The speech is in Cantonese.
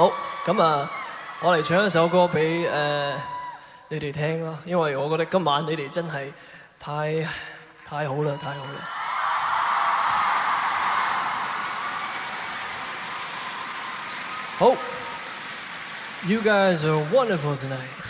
好咁啊，uh，我嚟唱一首歌俾呃，uh，你哋聽咯，因為我覺得今晚你哋真係太太好啦太好啦。好，You guys are wonderful tonight.